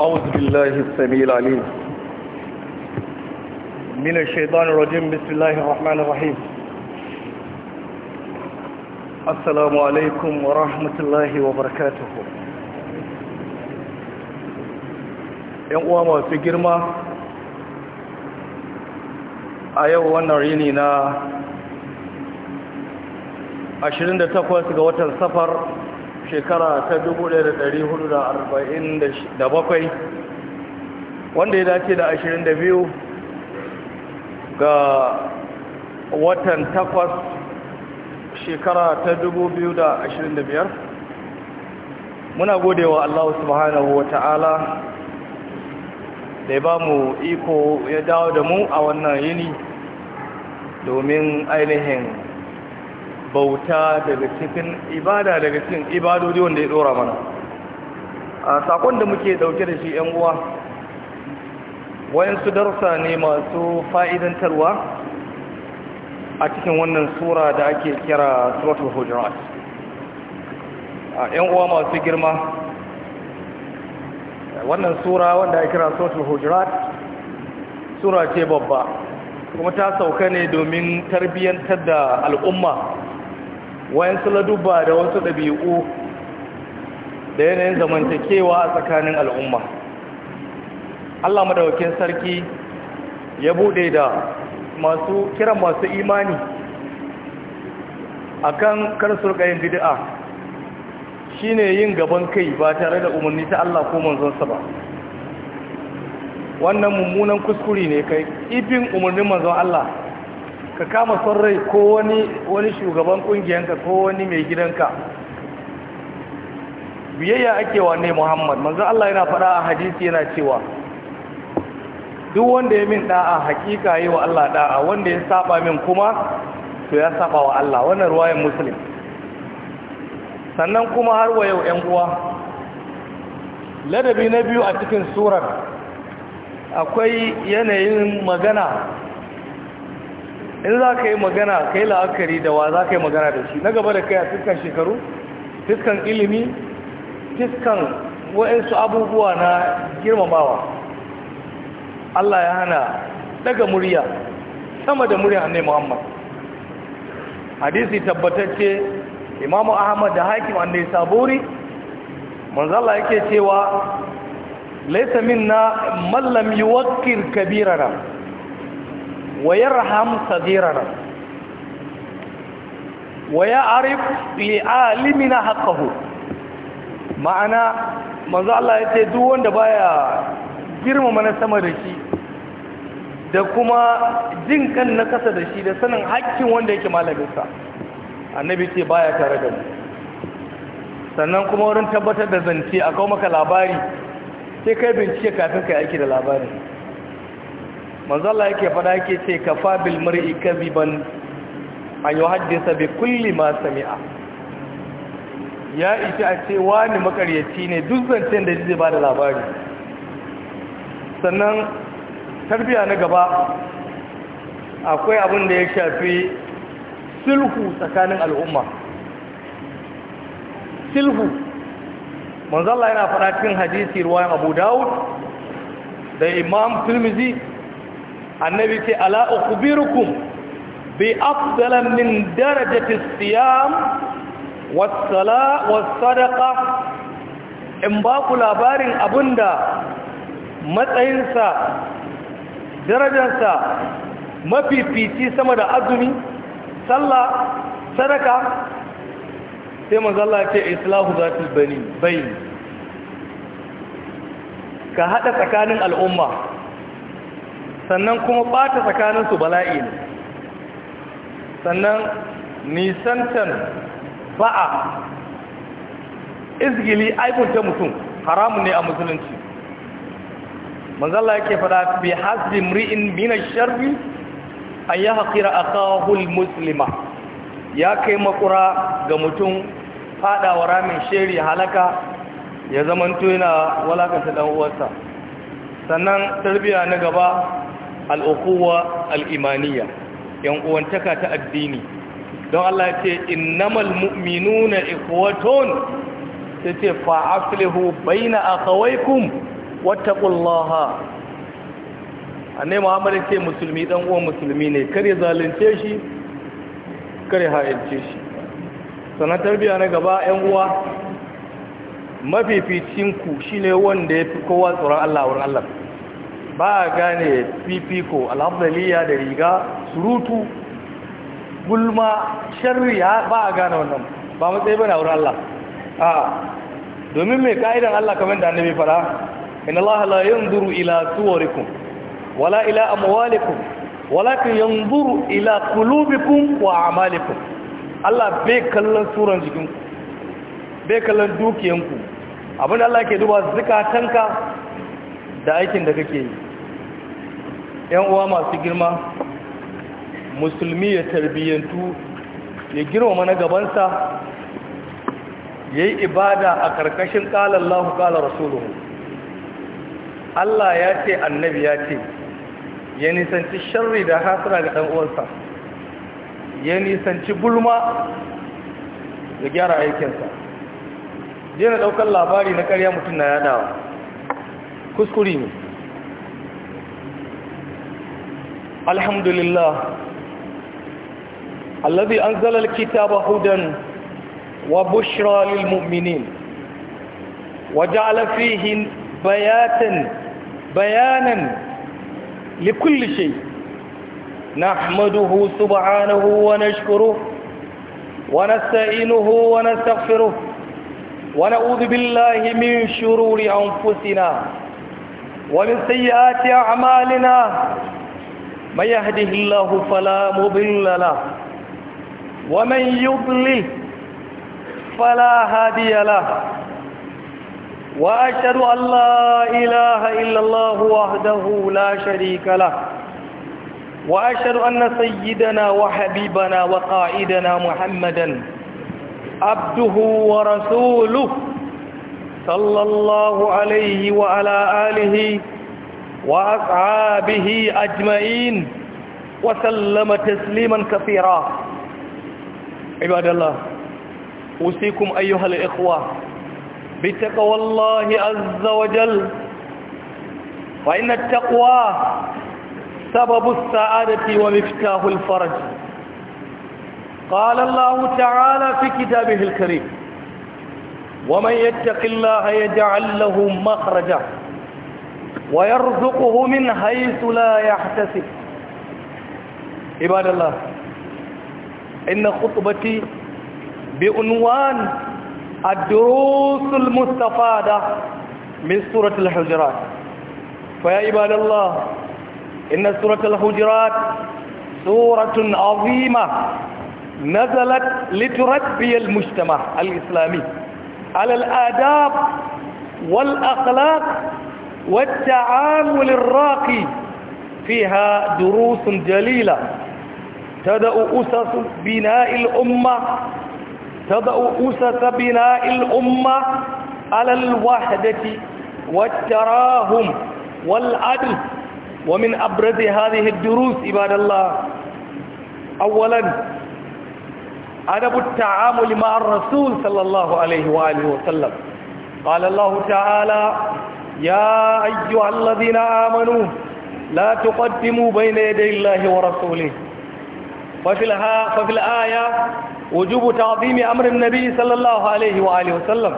أعوذ بالله السميع العليم من الشيطان الرجيم بسم الله الرحمن الرحيم السلام عليكم ورحمة الله وبركاته ‘yan uwa masu girma a yau wannan rini na 28 ga watan safar shekara ta 1447 wanda ya dace da 22 ga watan 8 shekara ta 2025 muna gode wa Allah subhanahu wa ta'ala da ya ba mu iko ya dawo da mu a wannan yini domin ainihin bauta daga cikin ibada daga cikin ibadodi wanda ya dora mana a sakon da muke dauke da shi yan uwa wayansu darsa ne masu fa'idantarwa a cikin wannan sura da ake kira suratul hujurat a yan uwa masu girma wannan sura wanda ake kira suratul hujurat sura ce babba kuma ta sauka ne domin tarbiyyantar da al'umma wayan wayansu ba da wasu ɗabi'u da yanayin zamantakewa a tsakanin al'umma Allah madawakin sarki ya buɗe da masu kiran masu imani akan karsul kayan bid'a shine yin gaban kai ba tare da umarni ta Allah ko manzonsa ba wannan mummunan kuskure ne kai ibin umarnin manzon Allah ka kama son rai ko wani wani shugaban kungiyanka ko wani mai gidanka biyayya ake wa ne muhammad manzan Allah yana faɗa a hadisi yana cewa duk wanda ya min da'a hakika yi wa Allah da'a wanda ya saba min kuma to ya saba wa Allah wannan ruwayan muslim sannan kuma har wa yau 'yan uwa ladabi na biyu a cikin surar akwai yanayin magana in za ka yi magana ka yi la'akari da wa za ka yi magana da shi na gaba da kai a fiskan shekaru fiskan ilimi fiskan wa'insu abubuwa na girmamawa Allah ya hana daga murya sama da murya annai muhammad hadisi tabbatacce imamu ahmad da hakim annai saburi manzala yake cewa laisa minna mallam yuwakkir kabirana ويرحم صغيرنا ويعرف لعالمنا حقه ma'ana manzo Allah ya ce duk wanda baya girmama na sama da shi da kuma jin kan na kasa da shi da sanin hakkin wanda yake malaminsa annabi ce baya tare da mu sannan kuma wurin tabbatar da zance a kawo maka labari sai kai bincike kafin kai aiki da labarin manzala yake fada yake ce ka fabil mar'i kadiban an haddisa bi kulli ma sami'a ya ita a ce wani makaryaci ne duk zancen da zai da labari sannan tarbiya na gaba akwai abin da ya shafi sulhu tsakanin al'umma sulhu manzala yana fada cikin hadisi ruwan abu dawud da imam filmizi annabi ce ala ukhbirukum bi afdala min darajati siyam was sala in ba ku labarin abinda matsayinsa darajarsa mafifici sama da azumi sallah sadaka sai manzala ce islahu zafi bani ka haɗa tsakanin al'umma sannan kuma tsakanin tsakaninsu bala'i ne sannan nisantan ba'a izgili ta mutum haramun ne a musulunci manzalla yake fada bi hasbi mri'in min ash-sharri an yahqira akahu al-muslima ya kai makura ga mutum wa ramin sheri halaka ya zamanto yana walakanta dan uwarsa sannan tarbiyya na gaba al'ukuwa al'imaniya yan uwantaka ta addini don Allah ce innamal mu'minuna ikuwaton, sai ce kawai kun, baina akhawaykum A ne muhammadu ce musulmi ɗan uwan musulmi ne kare zalunce shi kare ha'ince shi Sanatar biya na gaba yan uwa mafificin ku shine wanda ya fi kowa tsoron Allah wurin Allah ba a gane fifiko alhamdulillah da riga surutu gulma sharriya ba a gane wannan ba matsayi ba na wuri Allah a domin mai ka'idan Allah kamar da annabi fara in Allah la yanzuru ila suwarikum wala ila amwalikum walakin yanzuru ila qulubikum wa a'malikum Allah bai kallon suran jikinku bai kallon dukiyanku abinda Allah ke duba zakatanka da aikin da kake yi yan uwa masu girma musulmi ya tarbiyyantu ya girmama na gabansa ya yi ibada a ƙarƙashin ƙalar lahu ƙalar rasuluhu Allah ya ce annabi ya ce ya nisanci sharri da hasira ga uwansa ya nisanci bulma ya gyara aikinsa na ɗaukar labari na ƙarya mutum na yadawa kuskuri ne الحمد لله الذي أنزل الكتاب هدى وبشرى للمؤمنين وجعل فيه بياتا بيانا لكل شيء نحمده سبحانه ونشكره ونستعينه ونستغفره ونعوذ بالله من شرور أنفسنا ومن سيئات أعمالنا من يهده الله فلا مضل له ومن يضلل فلا هادي له وأشهد أن لا إله إلا الله وحده لا شريك له وأشهد أن سيدنا وحبيبنا وقائدنا محمدا عبده ورسوله صلى الله عليه وعلى آله وسلم وأصحابه أجمعين وسلم تسليما كثيرا عباد الله أوصيكم أيها الإخوة بتقوى الله عز وجل فإن التقوى سبب السعادة ومفتاح الفرج قال الله تعالى في كتابه الكريم ومن يتق الله يجعل له مخرجا ويرزقه من حيث لا يحتسب عباد الله إن خطبتي بعنوان الدروس المستفادة من سورة الحجرات فيا عباد الله إن سورة الحجرات سورة عظيمة نزلت لتربي المجتمع الإسلامي على الآداب والأخلاق والتعامل الراقي فيها دروس جليلة تبدأ أسس بناء الأمة تبدأ أسس بناء الأمة على الوحدة والتراهم والعدل ومن أبرز هذه الدروس عباد الله أولا أدب التعامل مع الرسول صلى الله عليه وآله وسلم قال الله تعالى يا أيها الذين آمنوا لا تقدموا بين يدي الله ورسوله ففي, الها ففي الآية وجوب تعظيم أمر النبي صلى الله عليه وآله وسلم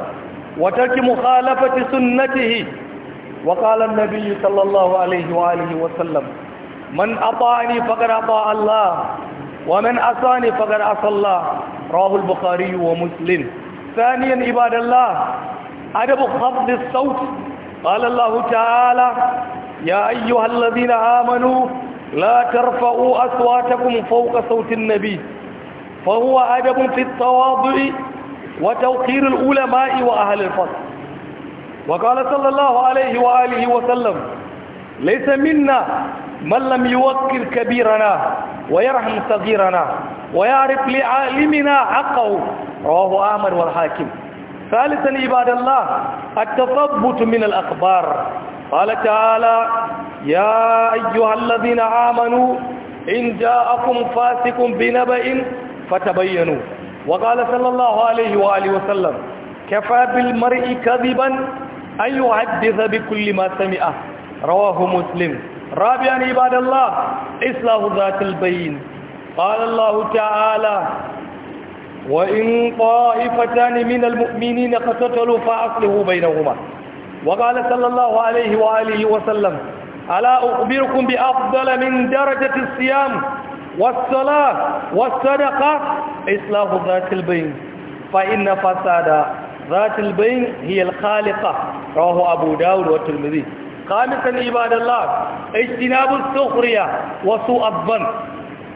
وترك مخالفة سنته وقال النبي صلى الله عليه وآله وسلم من أطاعني فقد أطاع الله ومن أصاني فقد عصى الله رواه البخاري ومسلم ثانيا عباد الله أدب خفض الصوت قال الله تعالى يا أيها الذين آمنوا لا ترفعوا أصواتكم فوق صوت النبي فهو أدب في التواضع وتوقير العلماء وأهل الفضل وقال صلى الله عليه وآله وسلم ليس منا من لم يوقر كبيرنا ويرحم صغيرنا ويعرف لعالمنا حقه رواه أحمد والحاكم ثالثا عباد الله التثبت من الأخبار قال تعالى يا أيها الذين آمنوا إن جاءكم فاسق بنبأ فتبينوا وقال صلى الله عليه وآله وسلم كفى بالمرء كذبا أن يحدث بكل ما سمعه رواه مسلم رابعا عباد الله إصلاح ذات البين قال الله تعالى وإن طائفتان من المؤمنين قتتلوا فأصلحوا بينهما وقال صلى الله عليه وآله وسلم ألا أخبركم بأفضل من درجة الصيام والصلاة والصدقة إصلاح ذات البين فإن فساد ذات البين هي الخالقة رواه أبو داود والترمذي خامسا عباد الله اجتناب السخرية وسوء الظن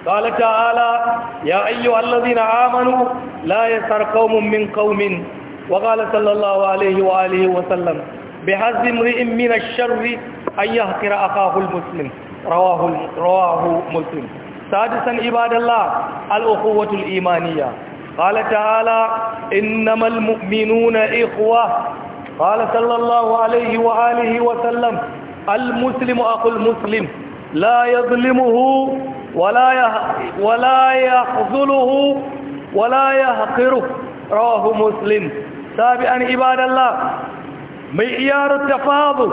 قال تعالى يا أيها الذين آمنوا لا يسر قوم من قوم وقال صلى الله عليه وآله وسلم بحظ امرئ من الشر أن يهكر أخاه المسلم رواه رواه مسلم سادسا عباد الله الأخوة الإيمانية قال تعالى إنما المؤمنون إخوة قال صلى الله عليه وآله وسلم المسلم أخو المسلم لا يظلمه ولا ولا يخذله ولا يحقره رواه مسلم سابعا عباد الله معيار التفاضل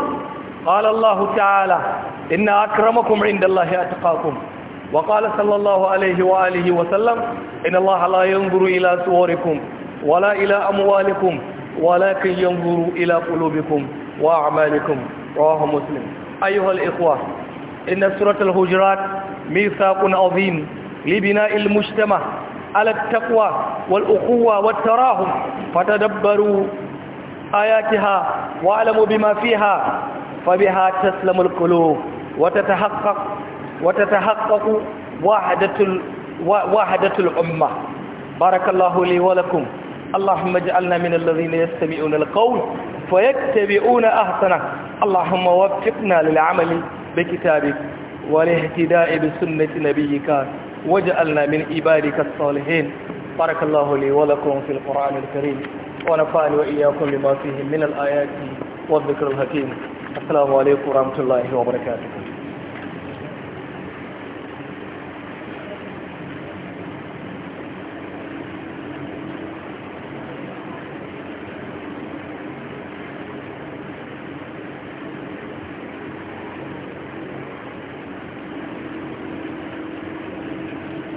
قال الله تعالى إن أكرمكم عند الله أتقاكم وقال صلى الله عليه وآله وسلم إن الله لا ينظر إلى صوركم ولا إلى أموالكم ولكن ينظر إلى قلوبكم وأعمالكم رواه مسلم أيها الإخوة إن سورة الهجرات ميثاق عظيم لبناء المجتمع على التقوى والأخوة والتراحم فتدبروا آياتها واعلموا بما فيها فبها تسلم القلوب وتتحقق وتتحقق واحدة, وحدة الأمة بارك الله لي ولكم اللهم اجعلنا من الذين يستمعون القول فيتبعون أحسنه اللهم وفقنا للعمل بكتابك والاهتداء بسنة نبيك واجعلنا من عبادك الصالحين بارك الله لي ولكم في القرآن الكريم ونفعني وإياكم بما فيه من الآيات والذكر الحكيم السلام عليكم ورحمة الله وبركاته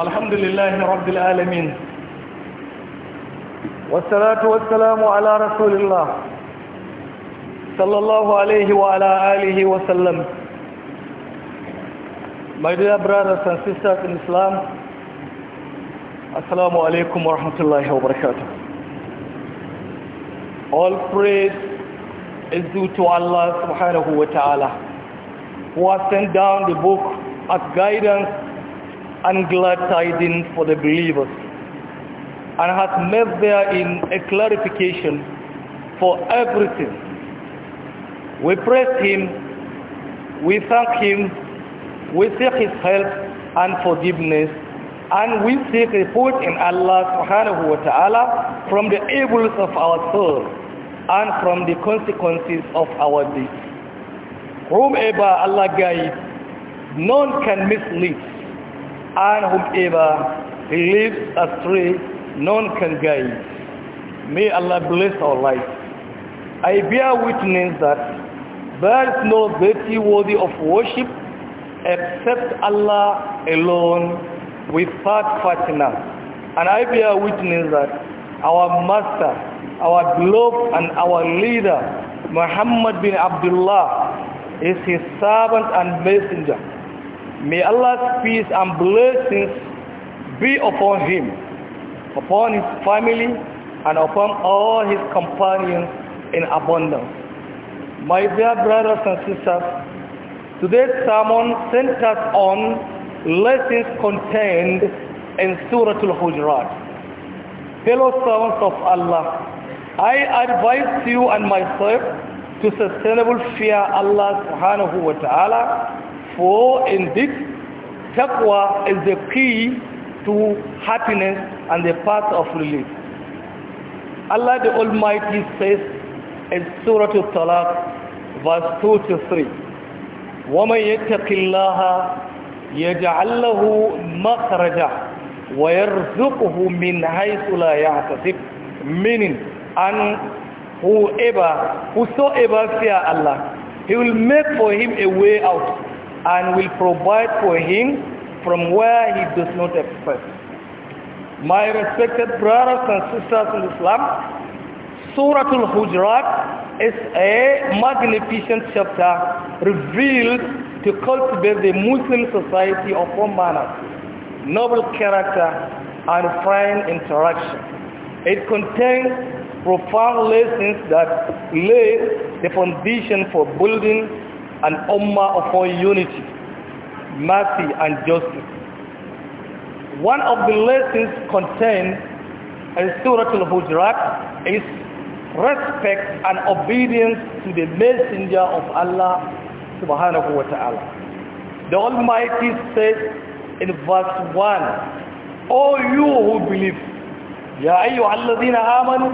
الحمد لله رب العالمين والصلاة والسلام على رسول الله صلى الله عليه وعلى آله وسلم My dear brothers and sisters in Islam Assalamu alaikum wa rahmatullahi wa All praise is due to Allah subhanahu wa ta'ala who has sent down the book as guidance and glad tidings for the believers and has made therein a clarification for everything. We praise him, we thank him, we seek his help and forgiveness, and we seek refuge in Allah subhanahu wa ta'ala from the evils of our soul and from the consequences of our deeds. Whomever Allah guides, none can mislead and whomever he leads astray, none can guide. May Allah bless our life. I bear witness that there is no deity worthy of worship except Allah alone without partner. And I bear witness that our master, our beloved and our leader, Muhammad bin Abdullah, is his servant and messenger. May Allah's peace and blessings be upon him, upon his family, and upon all his companions in abundance. My dear brothers and sisters, today's sermon centers on lessons contained in Surah Al-Hujurat. Fellow servants of Allah, I advise you and myself to sustainable fear Allah subhanahu wa ta'ala For indeed, taqwa is the key to happiness and the path of relief. Allah the Almighty says in Surah Al-Talaq, verse 2 to 3, وَمَنْ يَتَّقِ اللَّهَ يَجْعَلْ لَهُ مَخْرَجًا وَيَرْزُقُهُ مِنْ حَيْثُ لَا يَعْتَسِبُ Meaning, and whoever, whosoever fear Allah, He will make for him a way out and will provide for him from where he does not expect. My respected brothers and sisters in Islam, Surah Al-Hujurat is a magnificent chapter revealed to cultivate the Muslim society of all manners, noble character, and fine interaction. It contains profound lessons that lay the foundation for building an ummah all unity, mercy and justice. One of the lessons contained in Surah Al-Hujurat is respect and obedience to the messenger of Allah subhanahu wa ta'ala. The Almighty says in verse 1, O you who believe, يا أيها الذين آمنوا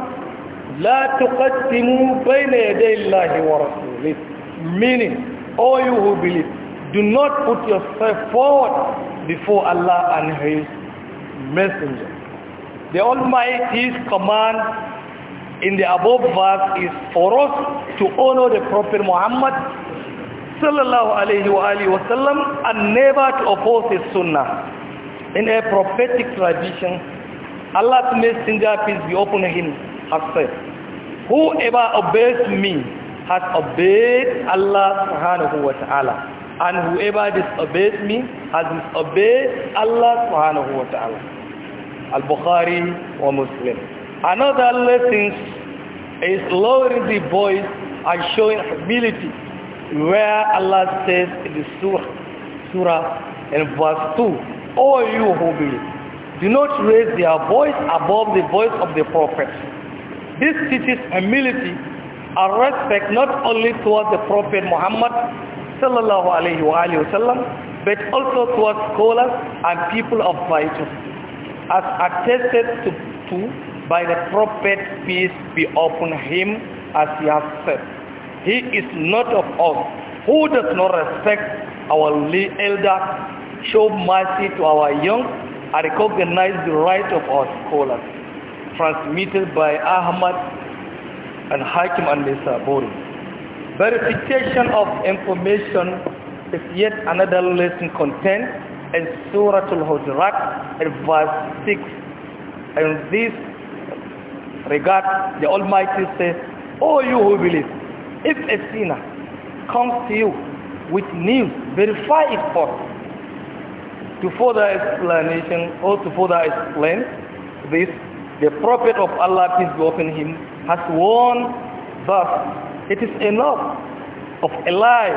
لا تقدموا بين يدي الله ورسوله Meaning, all you who believe, do not put yourself forward before Allah and His Messenger. The Almighty's command in the above verse is for us to honor the Prophet Muhammad sallallahu alayhi wa alayhi wa sallam and never to oppose his sunnah. In a prophetic tradition, Allah's messenger, peace be upon him, has said, Whoever obeys me has obeyed Allah subhanahu wa ta'ala. And whoever disobeys me has disobeyed Allah subhanahu wa ta'ala. Al-Bukhari or Muslim. Another lesson is lowering the voice and showing humility where Allah says in the surah, surah in verse 2, All you who believe, do not raise their voice above the voice of the prophet. This teaches humility a respect not only towards the Prophet Muhammad sallallahu alayhi wa sallam, but also towards scholars and people of virtue, as attested to, to by the Prophet, peace be upon him, as he has said. He is not of us who does not respect our elder, show mercy to our young, and recognize the right of our scholars. Transmitted by Ahmad and Hakim and Nisaburi. Verification of information is yet another lesson contained in Surah Al-Hujurat verse 6. And this regard, the Almighty says, O you who believe, if a sinner comes to you with news, verify it first. To further explanation or to further explain this, the Prophet of Allah, peace be upon him, has won, but It is enough of a lie